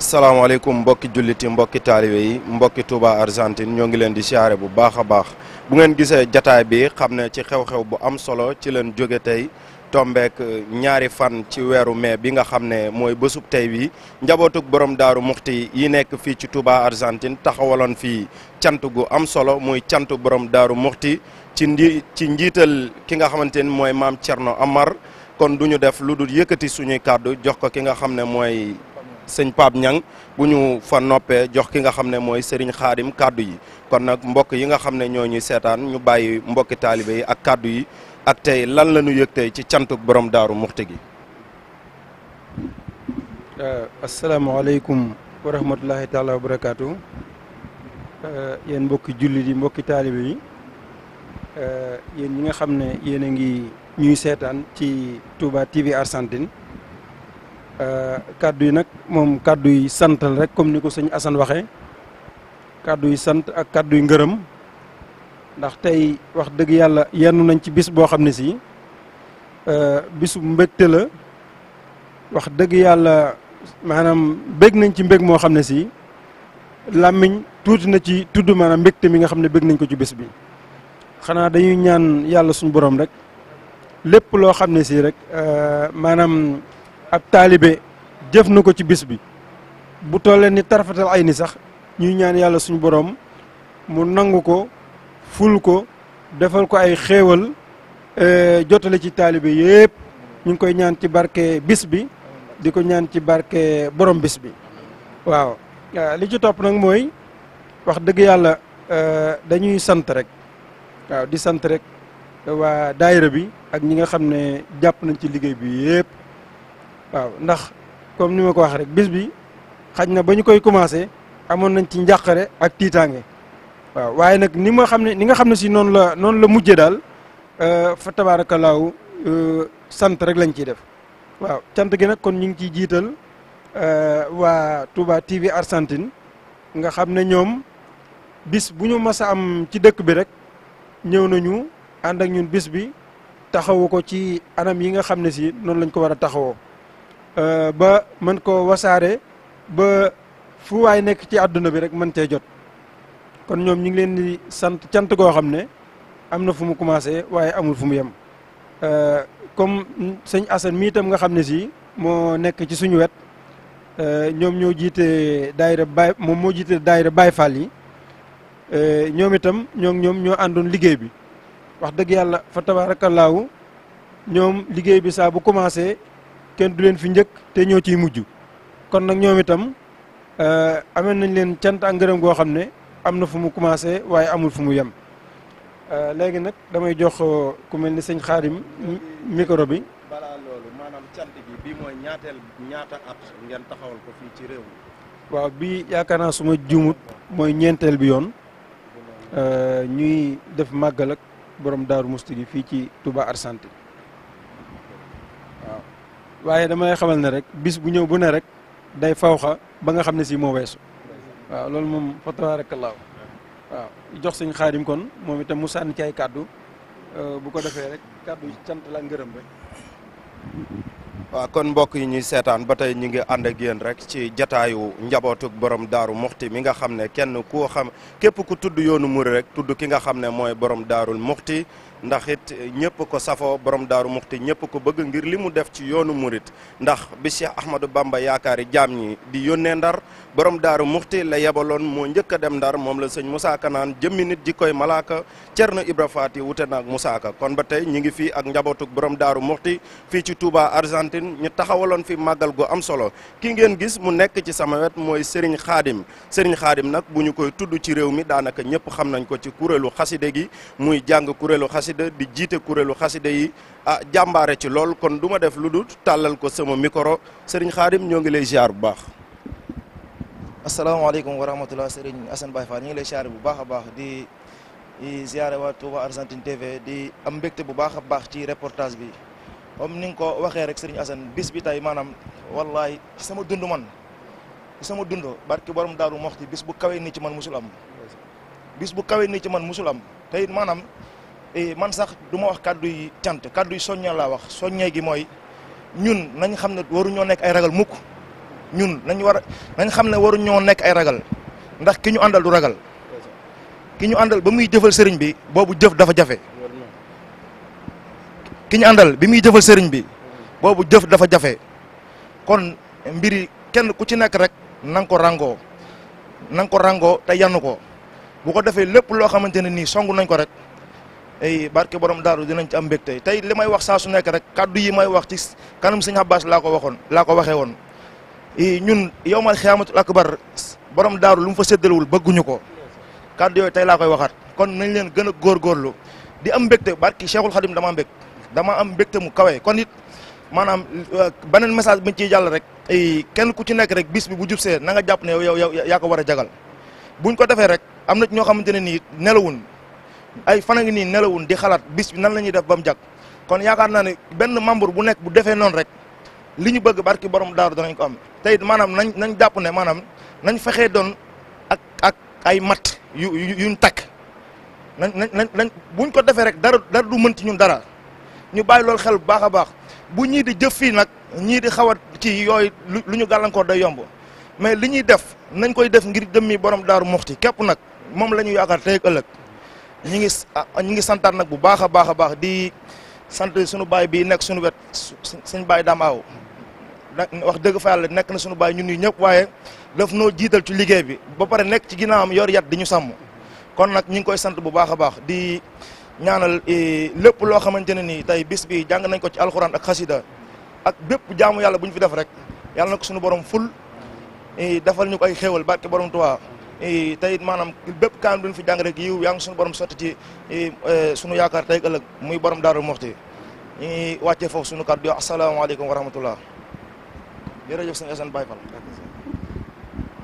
salaamaaleykum mbokki julliti mbokki taalibe yi mbokki Touba Argentine ñoo ngi leen di siyaare bu baax a baax bu ngeen gisee jataay bi xam ne ci xew-xew bu am solo ci leen jóge tey tombeek uh, ñaari fan ci weeru mai bi nga xam ne mooy bésub tey wi njabootug borom daaru muxti yi nekk fii ci Touba Argentine taxawaloon fii cant gu am solo muy cantu borom daaru muxti ci ndi ci njiital ki nga xamante ni mooy maam Thierno Amar kon du ñu def lu dul yëkkati suñuy kàddu jox ko ki nga xam ne mooy sëñ Pape Niang bu ñu fa noppee jox ki nga xam ne mooy Serigne Khadim kaddu yi kon nag mbokk yi nga xam ne ñoo ñuy seetaan ñu bàyyi mbokki taalibe yi ak kaddu yi ak tey lan la ñu yëg ci cantuk borom daaru muxti gi. Euh, asalaamaaleykum wa rahmatulahi taala wa barakaatu euh, yéen jullit yi mbokki yi euh, yéen ñi nga xam ne yéen a ngi ñuy seetaan ci Touba TV Argentine. Euh, kàddu yi nag moom kàddu yi santal rek comme ni ko sëñ Assane waxee kàddu yi sant ak kàddu yi ngërëm ndax tey wax dëgg yàlla yenn nañ ci bis boo xam ne si euh, bisu mbégte la wax dëgg yàlla maanaam bég nañ ci mbég moo xam ne si làmmiñ tuuti na ci tudd maanaam mbégte mi nga xam ne bég nañ ko ci bis bi xanaa dañuy ñaan yàlla suñu borom rek lépp loo xam ne si rek euh, maanaam ab taalibe jëf na ko ci bis bi bu tollee ni tarfatal ay ni sax ñuy ñaan yàlla suñu boroom mu nangu ko ful ko defal ko ay xéewal e, jotale ci taalibe yépp ñu ngi koy ñaan ci barke bis bi di ko ñaan ci barke borom bis bi waaw e, li ci topp nag mooy wax dëgg yàlla e, dañuy sant rek waaw di sant rek waa daayira bi ak ñi nga xam ne jàpp nañ ci liggéey bi yépp waaw ndax comme ni ma ko wax rek bis bi xaj na ba ñu koy commencé amoon nañ ci njàqare ak tiitaange waaw waaye nag ni ma xam ne ni nga xam ne si noonu la noonu la mujjee daal euh, fa tabaarakallaahu euh, sant rek lañ ciy def waaw gi nag kon ñu ngi ciy jiital euh, waa Touba TV Argentine nga xam ne ñoom bis bu ñu mas am ci dëkk bi rek ñëw nañu ànd ak ñun bis bi taxawu ko ci anam yi nga xam ne si noonu lañ ko war a taxawoo Euh, ba mën koo wasaaree ba fu waay nekk ci àdduna bi rek mën cee jot kon ñoom ñu ngi leen di sant cant goo xam ne am na fu mu commencé waaye amul fu mu yem euh, comme sëñ Assane mii itam nga xam ne si moo nekk ci suñu wet euh, ñoom ñoo jiite daayira Baay moom moo jiite daayira Baay Fall yi ñoom itam ñoo ñoom ñoo àndoon liggéey bi wax dëgg yàlla fa tabaarakallaahu ñoom liggéey bi saa bu commencé kenn du leen fi njëkk te ñoo ciy mujj kon nag ñoom itam euh, amee nañ leen cant ak ngërëm goo xam ne am na fu mu commencé waaye amul fu mu yem euh, léegi nag damay jox euh, ku mel ni sëñ xaarim micro bi balaa loolu maanaam cant bii mooy ñaateel ñaata at ngeen taxawal ko fii ci réew mi waaw bii yaakaar naa suma juumut mooy ñeenteel bi yoon ñuy def màggal ak borom daaru musti fii ci Touba Argentine waaye dama lay xamal ne rek bis bu ñëw bu ne rek day fawxa ba nga xam ne si moo weesu waaw loolu moom fa tabaarakallaahu waaw jox sëñ xaadim kon moom itam mu sànni ci ay kàddu euh, bu ko defee rek kàddu cant la ngërëm rek waaw kon mbokk yi ñuy seetaan ba tey ñu ngi ànd ak yéen rek ci jataayu njabootuk borom daaru muxti mi nga xam ne kenn koo xam képp ku tudd yoonu muri rek tudd ki nga xam ne mooy borom daarul muxti ndax it ñëpp ko safoo borom daaru muxti ñëpp ko bëgg ngir li mu def ci yoonu murit ndax bi Cheikh Ahmadou Bamba yaakaari jaam ñi di yónnee ndar borom daaru muxti la yebaloon moo njëkk a dem ndar moom la sëñ Moussa Ka naan jëmmi nit ji koy malaaka Cerno Ibra Faati wute ak Moussa Ka kon ba tey ñi ngi fii ak njabootuk borom daaru muxti fii ci Touba Argentine ñu taxawaloon fi màggal gu am solo ki ngeen gis mu nekk ci sama wet mooy Serigne Khadim Serigne Khadim nag bu ñu koy tudd ci réew mi daanaka ñëpp xam nañ ko ci kuréelu xaside gi muy jàng kuréelu xaside xasida di jiite kuréelu xasida yi ah jàmbaare ci lool kon du ma def lu dul tàllal ko sama micro sëriñ Xaadim ñoo ngi lay ziar bu baax. asalaamaaleykum wa rahmatulah sëriñ Assane Baye Fall ñu ngi lay ziar bu baax a baax di ziare waa Argentine TV di am mbégte bu baax a baax ci reportage bi comme ni nga ko waxee rek sëriñ Assane bis bi tey maanaam wallaay sama dund man sama dund barki borom daaru moxti bis ci man bis bu kawee ni ci man musul am te it man sax du ma wax kàddu yi cant kàddu yi soññee laa wax soññee gi mooy ñun nañ xam ne waruñoo nekk ay ragal mukk ñun nañ war nañ xam ne waruñoo nekk ay ragal ndax ki ñu àndal du ragal ki ñu àndal ba muy jëfal sëriñ bi boobu jëf dafa jafe ñu àndal bi muy jëfal sëriñ bi jëf dafa jafe kon mbiri kenn ku ci nekk rek na ko rangoo na ko rangoo te yan ko bu ko defee lépp loo xamante ne nii song nañ ko rek ay barke borom daaru dinañ ci am mbégte tey li may wax saa su nekk rek kaddu yi may wax ci kanam sëñ Abbas laa ko waxoon laa ko waxee woon ñun yowmal xiyaamatul akbar borom daaru lu mu fa séddalewul bëgguñu ko kaddu yooyu tey laa koy waxaat kon nañ leen gën a góorgóorlu di am mbégte barki Cheikhul Khadim dama mbég dama am mbégte mu kawee kon it maanaam euh, baneen message biñ ciy jàll rek ay kenn ku ci nekk rek bis bi bu jubsee na nga jàpp ne yow yow yaa ko war a jagal buñ ko defee rek am na ñoo xamante ne nii nelawuñ ay fan a ngi nii nelawun di xalaat bis bi nan la ñuy def ba mu jag kon yaakaar naa ne benn membre bu nekk bu defee noonu rek li ñu bëgg barki borom daaru danañ ko am tey it maanaam nañ nañ jàpp ne maanaam nañ fexee doon ak ak ay mat yu yuñ takk nañ nañ nañ buñ ko defee rek dara dara du mën ci ñun dara ñu bàyyi loolu xel bu baax a baax bu ñii di jëf fii nag ñii di xaw a ci yooyu lu ñu gàllankoor day yomb mais li ñuy def nañ koy def ngir jëmmi borom daaru muxti képp nag moom la ñu yaakaar tey ñu ngi ah, ñu ngi santaat nag bu baax a baax a baax di sant suñu baay bii nekk suñu wet suñu baay damaaw wax dëgg fa yàlla nekk na suñu baay ñun ñi ñëpp waaye daf noo jiital ci liggéey bi ba pare nekk ci am yor yat di ñu sàmm kon nag ñu ngi koy sant bu baax a baax di ñaanal e, lépp loo xamante ne nii tey bis bi jàng nañ ko ci alxuraan ak xasida ak bépp jaamu yàlla bu ñu fi def rek yàlla na ko suñu borom ful e, defal ñu ko ay xéewal barke borom Tuubaa Eh, tey maanaam bépp kaam duñ fi jàng rek yiw yaa ngi suñu borom sotti ci eh, eh, suñu yaakaar tey ëllëg muy borom daaru moxti ñu ngi wàccee foofu suñu kàddu asalaamaaleykum wa rahmatullah jërëjëf sëñ Assane Baye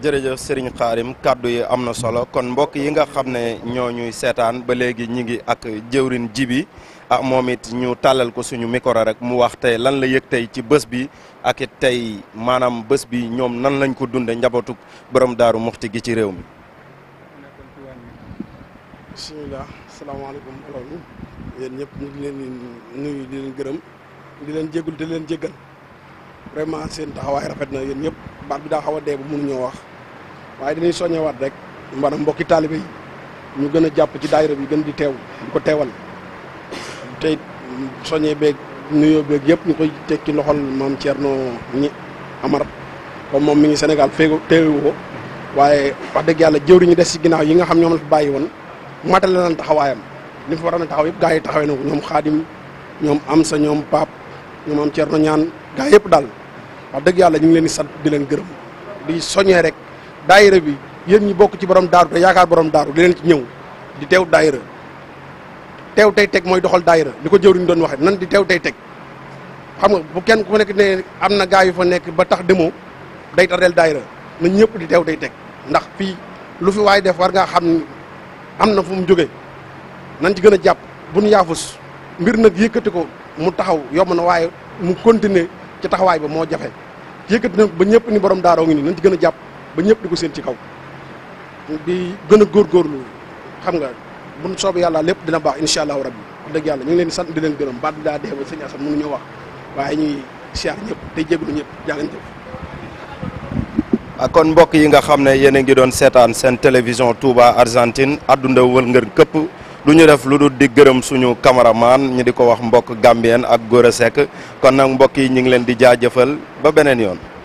jërëjëf Serigne Karim kàddu yi am na solo kon mbokk yi nga xam ne ñoo ñuy seetaan ba léegi ñi ngi ak jëwrin jibi ah moom it ñu tàllal ko suñu micro rek mu wax tey lan la yëg tey ci bës bi ak it tey maanaam bés bi ñoom nan lañ ko dunde njabootu borom daaru muxti gi ci réew mi suñu bisimilah salaamaaleykum yéen ñëpp ñu ngi leen nuyu di leen gërëm di leen jégul di leen jéggal vraiment seen taxawaay rafet na yéen ñëpp baat bi daa xaw a dee bu mënuñoo wax waaye dinañ soññewaat rek maanaam mbokki taalibe yi ñu gën a jàpp ci daayira bi gën di teew di ko teewal tey soññee beeg nuyoo beeg yëpp ñu koy teg ci loxol maam Thierno ñi Amar comme moom mi ngi senegal féegu teewu ko waaye wax dëgg yàlla ñu des ci ginnaaw yi nga xam ñoom la fi bàyyi woon la nañ taxawaayam li fa waroon a taxaw yëpp gaa yi taxawee na ko ñoom xaadim ñoom am sa ñoom paap ñoom am ñaan gaa yëpp daal wax dëgg yàlla ñu ngi leen di sant di leen gërëm di soñee rek daayira bi yéen ñi bokk ci borom daaru yaakaar borom daaru di leen ci ñëw di teew daayira teew tey teg mooy doxal daayira ni ko jëwriñ doon waxee nan di teew tey teg xam nga bu kenn ku nekk ne am na gaa yu fa nekk ba tax demoo day tardeel daayira na ñëpp di teew tey teg ndax fii lu fi waay def war ngaa xam ni am na fu mu jóge nan ci gën a jàpp bu nu yaafus mbir nag yëkkati ko mu taxaw yomb na waaye mu continuer ci taxawaay ba moo jafe yëkkati na ba ñëpp ni borom daaroo ngi nii nañ ci gën a jàpp ba ñëpp di ko seen ci kaw bi gën a góorgóorlu xam nga mun ñu yàlla lépp dina baax incha allahu rabbi wax dëgg yàlla ñu ngi leen di sant di leen gërëm daa dee ba sëñ Assane mënu ñoo wax waaye ñuy siyaar ñëpp te jégalu ñëpp jàllañ jëf ah, kon mbokk yi nga xam ne yéen a ngi doon seetaan seen télévision Touba Argentine adduna wël ngër këpp du ñu def lu dul di gërëm suñu cameraman ñi di ko wax mbokk Gambien ak Gora Seck kon nag mbokk yi ñu ngi leen di jaajëfal ba beneen yoon.